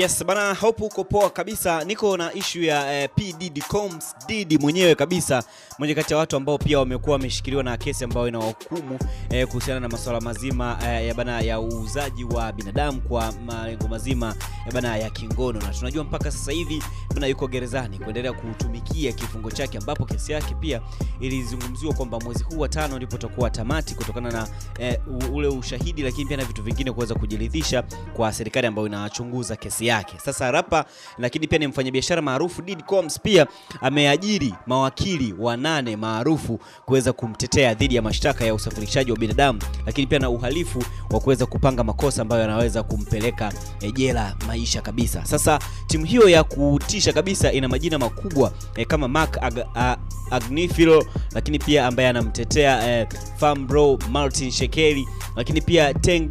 Yes bana, hope uko poa kabisa. Niko na issue ya eh, PDD Combs, mwenyewe kabisa, mmoja kati ya watu ambao pia wamekuwa wameshikiliwa na kesi ambayo inawahukumu eh, kuhusiana na masuala mazima eh, ya bana ya uuzaji wa binadamu kwa malengo mazima ya bana ya kingono, na tunajua mpaka sasa hivi bana yuko gerezani kuendelea kutumikia kifungo chake, ambapo kesi yake pia ilizungumziwa kwamba mwezi huu wa tano ndipo takuwa tamati kutokana na eh, ule ushahidi, lakini pia na vitu vingine kuweza kujiridhisha kwa serikali ambayo inachunguza kesi yake. Sasa rapa lakini pia ni mfanyabiashara maarufu Diddy Combs pia ameajiri mawakili wanane maarufu kuweza kumtetea dhidi ya mashtaka ya usafirishaji wa binadamu, lakini pia na uhalifu wa kuweza kupanga makosa ambayo yanaweza kumpeleka eh, jela maisha kabisa. Sasa timu hiyo ya kutisha kabisa ina majina makubwa eh, kama Mark Ag Ag Agnifilo, lakini pia ambaye anamtetea eh, Fambro Martin Shekeli, lakini pia Ten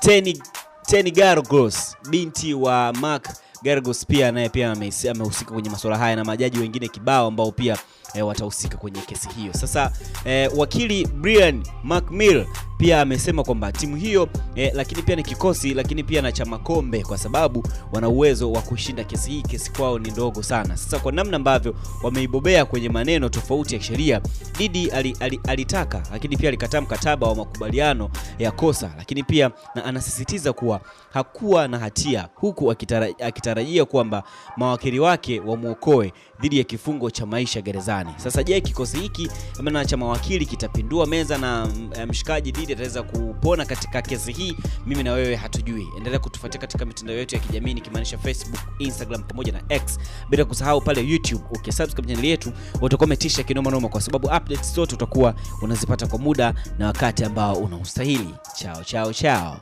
Tenig Teni Gargos, binti wa Mark Gargos pia naye pia amehusika kwenye masuala haya na majaji wengine kibao ambao pia e, watahusika kwenye kesi hiyo. Sasa e, wakili Brian McMill pia amesema kwamba timu hiyo eh, lakini pia ni kikosi lakini pia na cha Makombe kwa sababu wana uwezo wa kushinda kesi hii, kesi kwao ni ndogo sana. Sasa kwa namna ambavyo wameibobea kwenye maneno tofauti ya sheria, Didi alitaka lakini pia alikataa mkataba wa makubaliano ya kosa, lakini pia na anasisitiza kuwa hakuwa na hatia, huku akitarajia, akitarajia kwamba mawakili wake wamwokoe dhidi ya kifungo cha maisha gerezani. Sasa je, kikosi hiki cha mawakili kitapindua meza na mm, mshikaji Didi ataweza kupona katika kesi hii, mimi na wewe hatujui. Endelea kutufuatia katika mitandao yetu ya kijamii nikimaanisha Facebook, Instagram pamoja na X, bila kusahau pale YouTube. Ukisubscribe channel yetu utakuwa umetisha kinoma noma, kwa sababu updates zote utakuwa unazipata kwa muda na wakati ambao unaustahili. Chao chao chao.